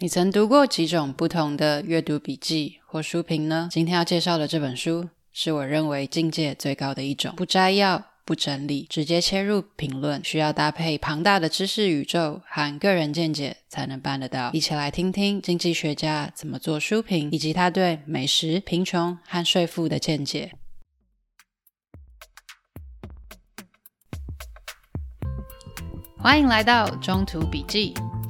你曾讀過幾種不同的閱讀筆記或書評呢？今天要介紹的這本書，是我認為境界最高的一種，不摘要、不整理，直接切入評論，需要搭配龐大的知識宇宙和個人見解才能辦得到。一起來聽聽經濟學家怎麼做書評，以及他對美食、貧窮和稅賦的見解。歡迎來到中途筆記。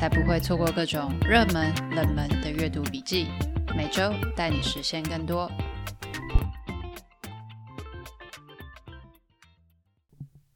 才不會錯過各種熱門、冷門的閱讀筆記，每周帶你實現更多。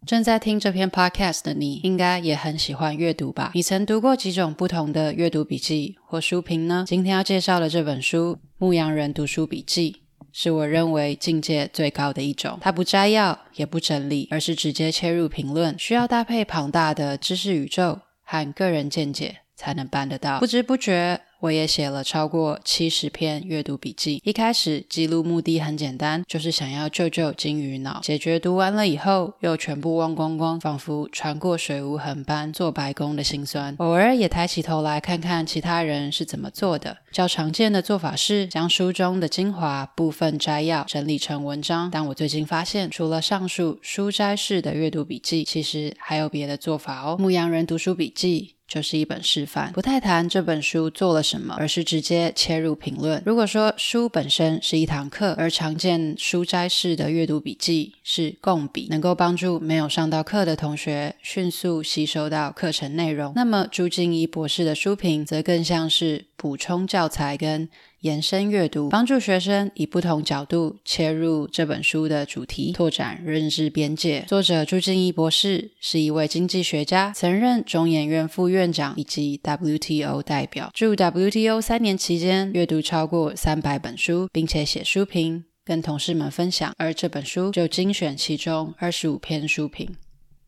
正在聽這篇 Podcast 的你，應該也很喜歡閱讀吧？你曾讀過幾種不同的閱讀筆記或書評呢？今天要介紹的這本書《牧羊人讀書筆記》，是我認為境界最高的一種。它不摘要，也不整理，而是直接切入評論，需要搭配龐大的知識宇宙。看個人見解才能辦得到，不知不覺。我也寫了超過七十篇閱讀筆記。一開始記錄目的很簡單，就是想要救救金魚腦，解決讀完了以後又全部忘光光，仿佛船過水無痕般做白工的心酸。偶爾也抬起頭來看看其他人是怎麼做的。較常見的做法是將書中的精華部分摘要整理成文章。但我最近發現，除了上述書摘式的閱讀筆記，其實還有別的做法哦。牧羊人讀書筆記。就是一本示範，不太談這本書做了什麼，而是直接切入評論。如果說書本身是一堂課，而常見書摘式的閱讀筆記是共筆，能夠幫助沒有上到課的同學迅速吸收到課程內容，那麼朱敬一博士的書評則更像是補充教材跟延伸閱讀，幫助學生以不同角度切入這本書的主題，拓展認知邊界。作者朱敬一博士是一位經濟學家，曾任中研院副院長以及 WTO 代表。駐 WTO 三年期間，閱讀超過三百本書，並且寫書評，跟同事們分享。而這本書就精選其中二十五篇書評。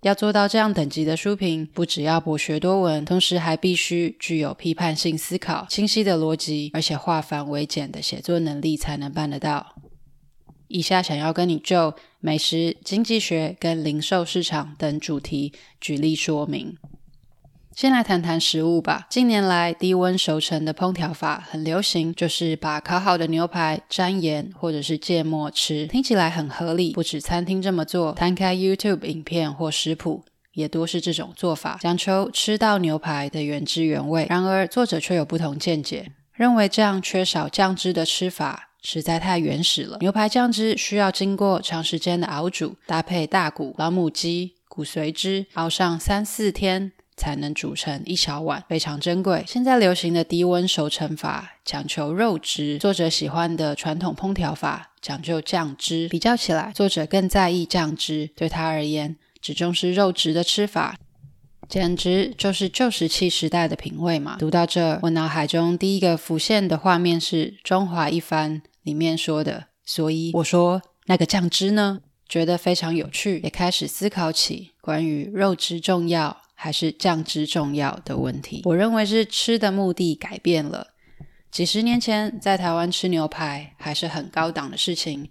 要做到這樣等級的書評，不只要博學多聞，同時還必須具有批判性思考、清晰的邏輯，而且化繁為簡的寫作能力才能辦得到。以下想要跟你就美食、經濟學跟零售市場等主題舉例說明。先來談談食物吧。近年來，低溫熟成的烹調法很流行，就是把烤好的牛排沾鹽或者是芥末吃，聽起來很合理。不止餐廳這麼做，攤開 YouTube 影片或食譜，也多是這種做法，講求吃到牛排的原汁原味。然而，作者卻有不同見解，認為這樣缺少醬汁的吃法實在太原始了。牛排醬汁需要經過長時間的熬煮，搭配大骨、老母雞、骨髓汁熬上三四天。才能煮成一小碗，非常珍貴。現在流行的低溫熟成法講求肉汁。作者喜歡的傳統烹調法講究醬汁。比較起來，作者更在意醬汁。對他而言，只重視肉汁的吃法，簡直就是舊石器時代的品味嘛。讀到這，我腦海中第一個浮現的畫面是《中華一番》裡面說的。所以我說，那個醬汁呢，覺得非常有趣，也開始思考起關於肉汁重要還是醬汁重要的問題，我認為是吃的目的改變了。幾十年前，在台灣吃牛排還是很高檔的事情，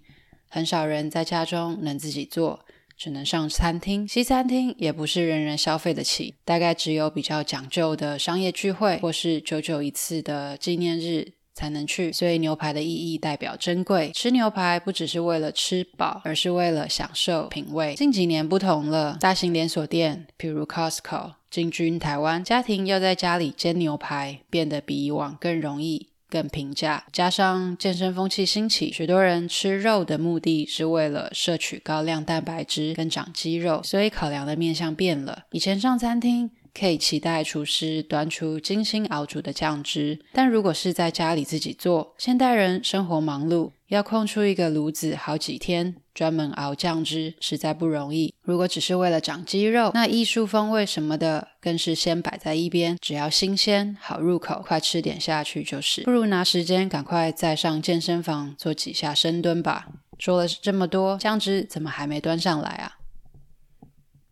很少人在家中能自己做，只能上餐廳。西餐廳也不是人人消費得起，大概只有比較講究的商業聚會或是久久一次的紀念日。才能去，所以牛排的意義代表珍貴。吃牛排不只是為了吃飽，而是為了享受品味。近幾年不同了，大型連鎖店，譬如 Costco 進軍台灣，家庭要在家裡煎牛排變得比以往更容易、更平價。加上健身風氣興起，許多人吃肉的目的是為了攝取高量蛋白質跟長肌肉，所以考量的面向變了。以前上餐廳，可以期待廚師端出精心熬煮的醬汁，但如果是在家裡自己做，現代人生活忙碌，要空出一個爐子好幾天專門熬醬汁，實在不容易。如果只是為了長肌肉，那藝術風味什麼的更是先擺在一邊，只要新鮮好入口，快吃點下去就是。不如拿時間趕快再上健身房做幾下深蹲吧。說了這麼多，醬汁怎麼還沒端上來啊？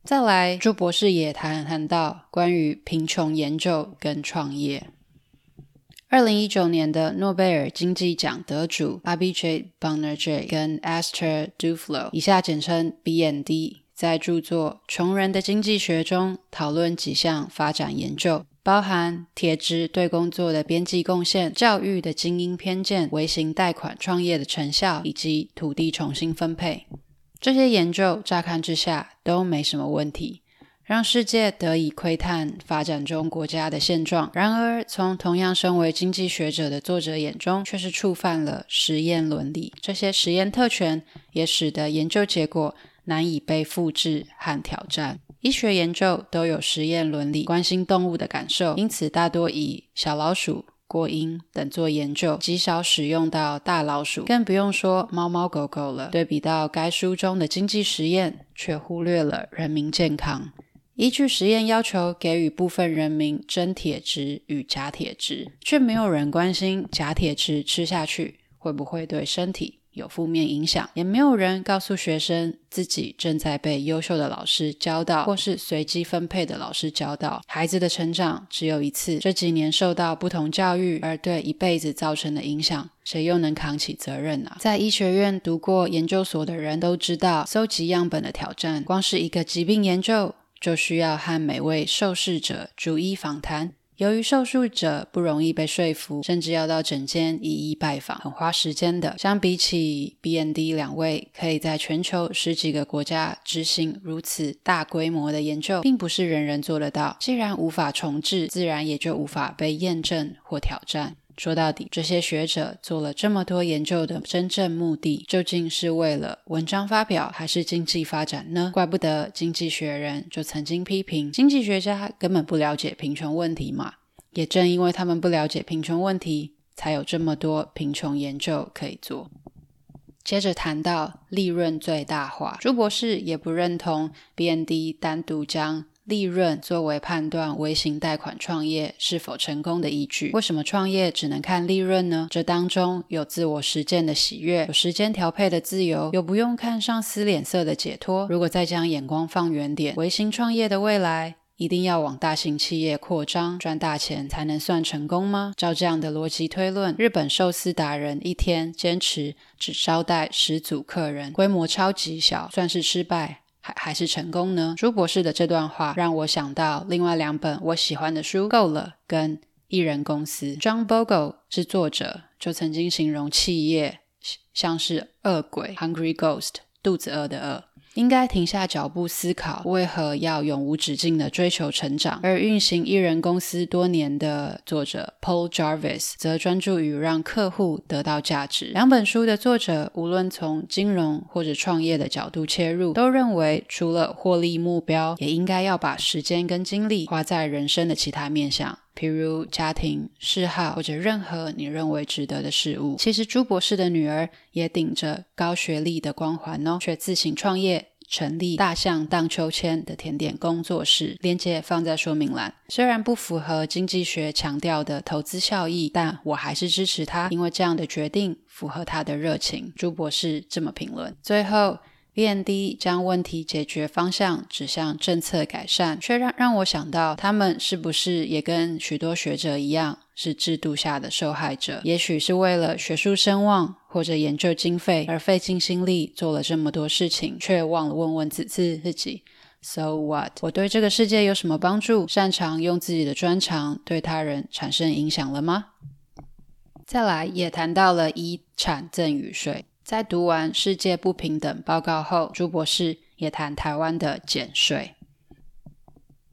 再來，朱博士也談談到關於貧窮研究跟創業。二零一九年的諾貝爾經濟獎得主 Abi J. b o n n e r j 跟 a s t r d u f l o 以下簡稱 B&D） 在著作《窮人的經濟學》中討論幾項發展研究，包含貼職對工作的邊際貢獻、教育的精英偏見、微型貸款、創業的成效以及土地重新分配。這些研究乍看之下都沒什麼問題，讓世界得以窺探發展中國家的現狀。然而，從同樣身為經濟學者的作者眼中，卻是觸犯了實驗倫理。這些實驗特權也使得研究結果難以被複製和挑戰。醫學研究都有實驗倫理，關心動物的感受，因此大多以小老鼠，過音等做研究，極少使用到大老鼠，更不用說貓貓狗狗了。對比到該書中的經濟實驗，卻忽略了人民健康。依據實驗要求，給予部分人民真鐵質與假鐵質，卻沒有人關心假鐵質吃下去會不會對身體有負面影響，也沒有人告訴學生自己正在被優秀的老師教導，或是隨機分配的老師教導。孩子的成長只有一次，這幾年受到不同教育而對一輩子造成的影響，誰又能扛起責任呢、啊？在醫學院讀過研究所的人都知道，搜集樣本的挑戰，光是一個疾病研究就需要和每位受試者逐一訪談。由於受試者不容易被說服，甚至要到診間一一拜訪，很花時間的。相比起 BND 兩位，可以在全球十幾個國家執行如此大規模的研究，並不是人人做得到。既然無法重置，自然也就無法被驗證或挑戰。說到底，這些學者做了這麼多研究的真正目的，究竟是為了文章發表，還是經濟發展呢？怪不得《經濟學人》就曾經批評經濟學家根本不了解貧窮問題嘛。也正因為他們不了解貧窮問題，才有這麼多貧窮研究可以做。接着談到利潤最大化，朱博士也不認同 BND 單獨將利潤作為判斷微型貸款創業是否成功的依據，為什麼創業只能看利潤呢？這當中有自我實踐的喜悅，有時間調配的自由，有不用看上司臉色的解脫。如果再將眼光放遠點，微型創業的未來一定要往大型企業擴張，賺大錢才能算成功嗎？照這樣的邏輯推論，日本壽司達人一天堅持只招待十組客人，規模超級小，算是失敗？還還是成功呢？朱博士的這段話讓我想到另外兩本我喜歡的書，《夠了》跟《藝人公司》。John Bogle 是作者，就曾經形容企業像是惡鬼 （Hungry Ghost，肚子餓的餓）。應該停下腳步思考，為何要永無止境地追求成長？而運行一人公司多年的作者 Paul Jarvis 則專注於讓客戶得到價值。兩本書的作者無論從金融或者創業的角度切入，都認為除了獲利目標，也應該要把時間跟精力花在人生的其他面向，譬如家庭、嗜好或者任何你認為值得的事物。其實朱博士的女兒也頂着高學歷的光環哦，卻自行創業。成立大象盪秋千的甜點工作室，鏈接放在說明欄。雖然不符合經濟學強調的投資效益，但我還是支持他，因為這樣的決定符合他的熱情。朱博士這麼評論。最後，BND 將問題解決方向指向政策改善，卻讓讓我想到，他們是不是也跟許多學者一樣，是制度下的受害者，也許是為了學術聲望，或者研究經費而費盡心力做了這麼多事情，卻忘了問問自己自己，So what？我對這個世界有什麼幫助？擅長用自己的專長對他人產生影響了嗎？再來也談到了遺產贈與稅，在讀完《世界不平等報告》後，朱博士也談台灣的減稅。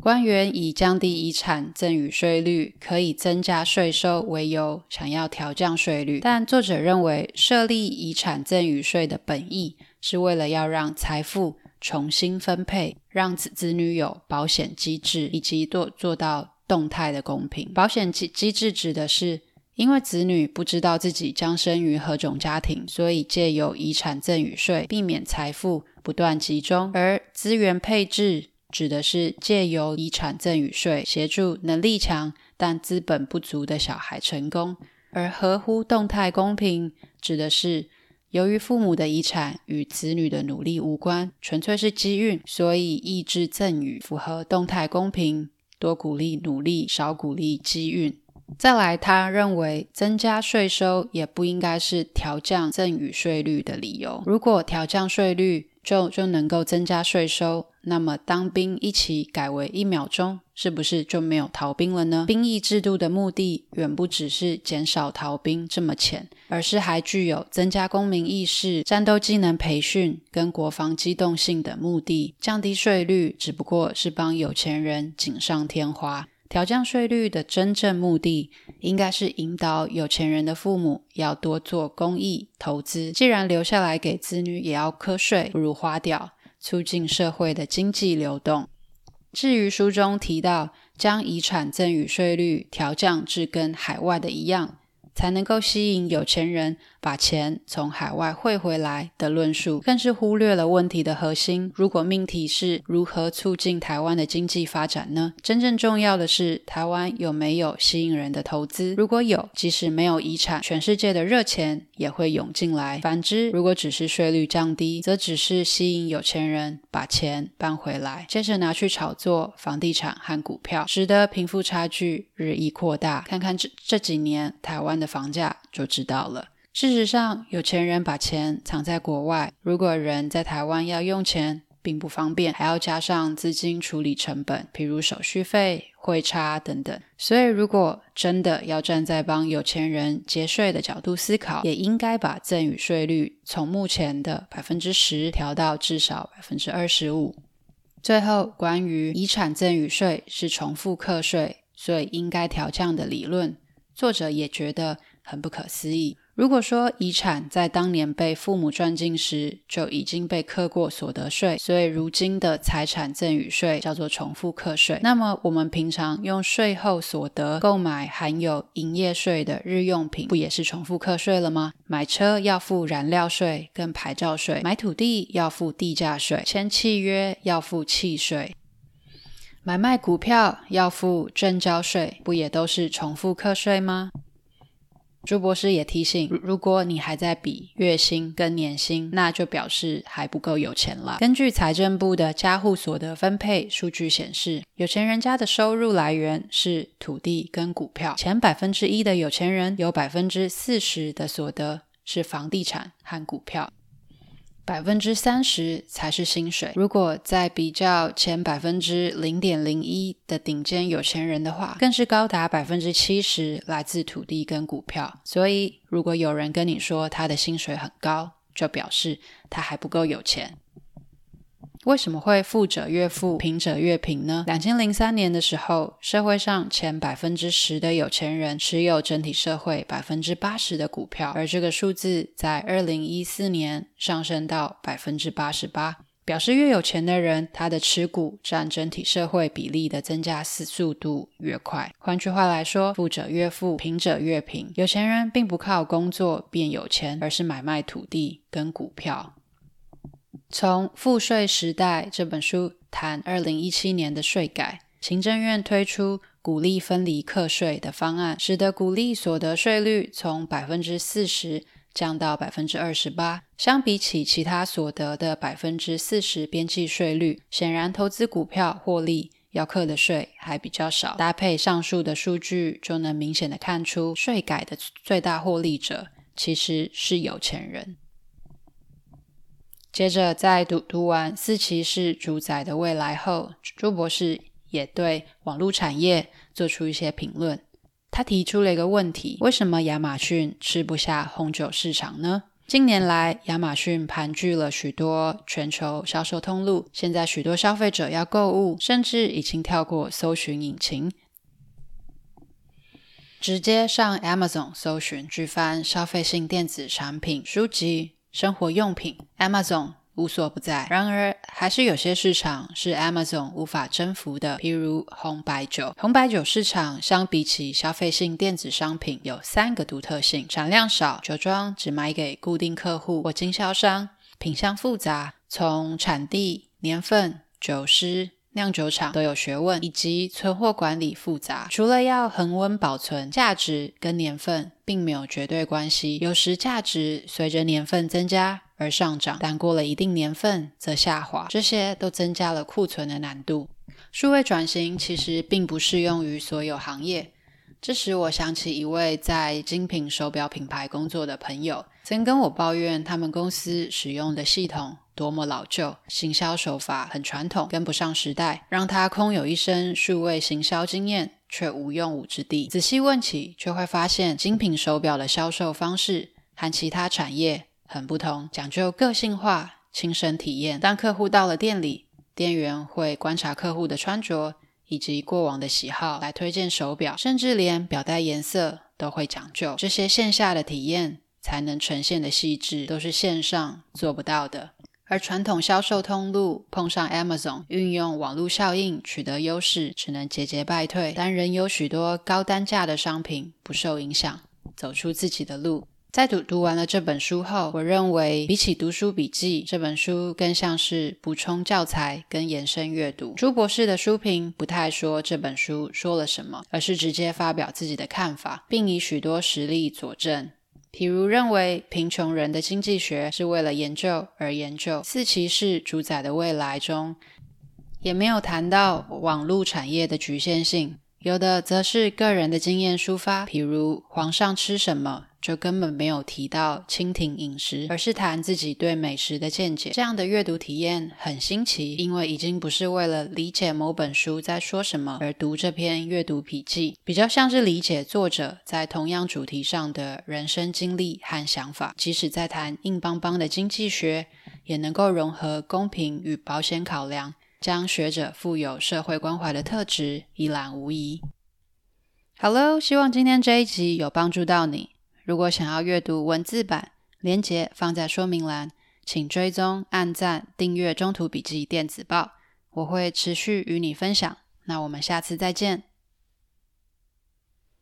官員以降低遺產贈與稅率可以增加稅收為由，想要調降稅率。但作者認為，設立遺產贈與稅的本意是為了要讓財富重新分配，讓子子女有保險機制，以及做做到動態的公平。保險機機制指的是，因為子女不知道自己將生於何種家庭，所以借由遺產贈與稅，避免財富不斷集中，而資源配置。指的是借由遺產贈與稅，協助能力強但資本不足的小孩成功。而合乎動態公平指的是由於父母的遺產與子女的努力無關，純粹是機運，所以抑制贈與符合動態公平，多鼓勵努力，少鼓勵機運。再來，他認為增加稅收也不應該是調降贈與稅率的理由。如果調降稅率，就就能夠增加稅收，那麼當兵一起改為一秒鐘，是不是就沒有逃兵了呢？兵役制度的目的遠不只是減少逃兵這麼淺，而是還具有增加公民意識、戰鬥技能培訓跟國防機動性的目的。降低稅率只不過是幫有錢人錦上添花。調降稅率的真正目的，應該是引導有錢人的父母要多做公益投資。既然留下來給子女也要課稅，不如花掉，促進社會的經濟流動。至於書中提到將遺產贈與稅率調降至跟海外的一樣，才能夠吸引有錢人把錢從海外匯回來的論述，更是忽略了問題的核心。如果命題是如何促進台灣的經濟發展呢？真正重要的是台灣有沒有吸引人的投資。如果有，即使沒有遺產，全世界的熱錢也會湧進來。反之，如果只是稅率降低，則只是吸引有錢人把錢搬回來，接着拿去炒作房地產和股票，使得貧富差距日益擴大。看看這這幾年台灣的房價就知道了。事實上，有錢人把錢藏在國外，如果人在台灣要用錢，並不方便，還要加上資金處理成本，譬如手續費、匯差等等。所以，如果真的要站在幫有錢人節稅的角度思考，也應該把贈與稅率從目前的百分之十調到至少百分之二十五。最後，關於遺產贈與稅是重複課稅，所以應該調降的理論。作者也覺得很不可思議。如果說遺產在當年被父母賺進時，就已經被課過所得稅，所以如今的財產贈與稅叫做重複課稅。那麼我們平常用稅後所得購買含有營業稅的日用品，不也是重複課稅了嗎？買車要付燃料稅跟牌照稅，買土地要付地價稅，簽契約要付契稅。買賣股票要付證交稅，不也都是重複課稅嗎？朱博士也提醒，如果你還在比月薪跟年薪，那就表示還不夠有錢了。根據財政部的家戶所得分配數據顯示，有錢人家的收入來源是土地跟股票，前百分之一的有錢人有百分之四十的所得是房地產和股票。百分之三十才是薪水。如果在比較前百分之零點零一的頂尖有錢人的話，更是高達百分之七十來自土地跟股票。所以，如果有人跟你說他的薪水很高，就表示他還不夠有錢。為什麼會富者越富，貧者越貧呢？兩千零三年的時候，社會上前百分之十的有錢人持有整體社會百分之八十的股票，而這個數字在二零一四年上升到百分之八十八，表示越有錢的人，他的持股佔整體社會比例的增加四速度越快。換句話來說，富者越富，貧者越貧。有錢人並不靠工作變有錢，而是買賣土地跟股票。從賦稅時代這本書談二零一七年的稅改，行政院推出股利分離課稅的方案，使得股利所得稅率從百分之四十降到百分之二十八。相比起其他所得的百分之四十邊際稅率，顯然投資股票獲利要課的稅還比較少。搭配上述的數據，就能明顯地看出稅改的最大獲利者其實是有錢人。接着，在讀讀完《四騎士主宰的未來》後，朱博士也對網絡產業做出一些評論。他提出了一個問題：為什麼亞馬遜吃不下紅酒市場呢？近年來，亞馬遜盤踞了許多全球銷售通路。現在，許多消費者要購物，甚至已經跳過搜尋引擎，直接上 Amazon 搜尋，舉凡消費性電子產品、書籍。生活用品，Amazon 無所不在。然而，還是有些市場是 Amazon 無法征服的，譬如紅白酒。紅白酒市場相比起消費性電子商品，有三個獨特性：產量少，酒莊只賣給固定客戶或經銷商；品相複雜，從產地、年份、酒師，釀酒廠都有學問，以及存貨管理複雜。除了要恆溫保存，價值跟年份並沒有絕對關係。有時價值隨着年份增加而上漲，但過了一定年份則下滑，這些都增加了庫存的難度。數位轉型其實並不適用於所有行業。這時，我想起一位在精品手錶品牌工作的朋友，曾跟我抱怨他們公司使用的系統多麼老舊，行銷手法很傳統，跟不上時代，讓他空有一身數位行銷經驗卻無用武之地。仔細問起，卻會發現精品手錶的銷售方式和其他產業很不同，講究個性化、親身體驗。當客戶到了店裡，店員會觀察客戶的穿着。以及過往的喜好來推薦手表，甚至連表帶顏色都會講究。這些線下的體驗才能呈現的細緻，都是線上做不到的。而傳統銷售通路碰上 Amazon 運用網絡效應取得優勢，只能節節敗退，但仍有許多高單價的商品不受影響，走出自己的路。在讀讀完了這本書後，我認為比起讀書筆記，這本書更像是補充教材跟延伸閱讀。朱博士的書評不太說這本書說了什麼，而是直接發表自己的看法，並以許多實例佐證。譬如認為貧窮人的經濟學是為了研究而研究，《四騎士主宰的未來》中也沒有談到網絡產業的局限性，有的則是個人的經驗抒發，譬如皇上吃什麼。就根本沒有提到清廷飲食，而是談自己對美食的見解。這樣的閱讀體驗很新奇，因為已經不是為了理解某本書在說什麼而讀這篇閱讀筆記，比較像是理解作者在同樣主題上的人生經歷和想法。即使在談硬邦邦的經濟學，也能夠融合公平與保險考量，將學者富有社會關懷的特質一覽無遺。Hello，希望今天這一集有幫助到你。如果想要閱讀文字版，鏈接放在說明欄，請追蹤、按贊、訂閱《中途筆記電子報》，我會持續與你分享。那我們下次再見。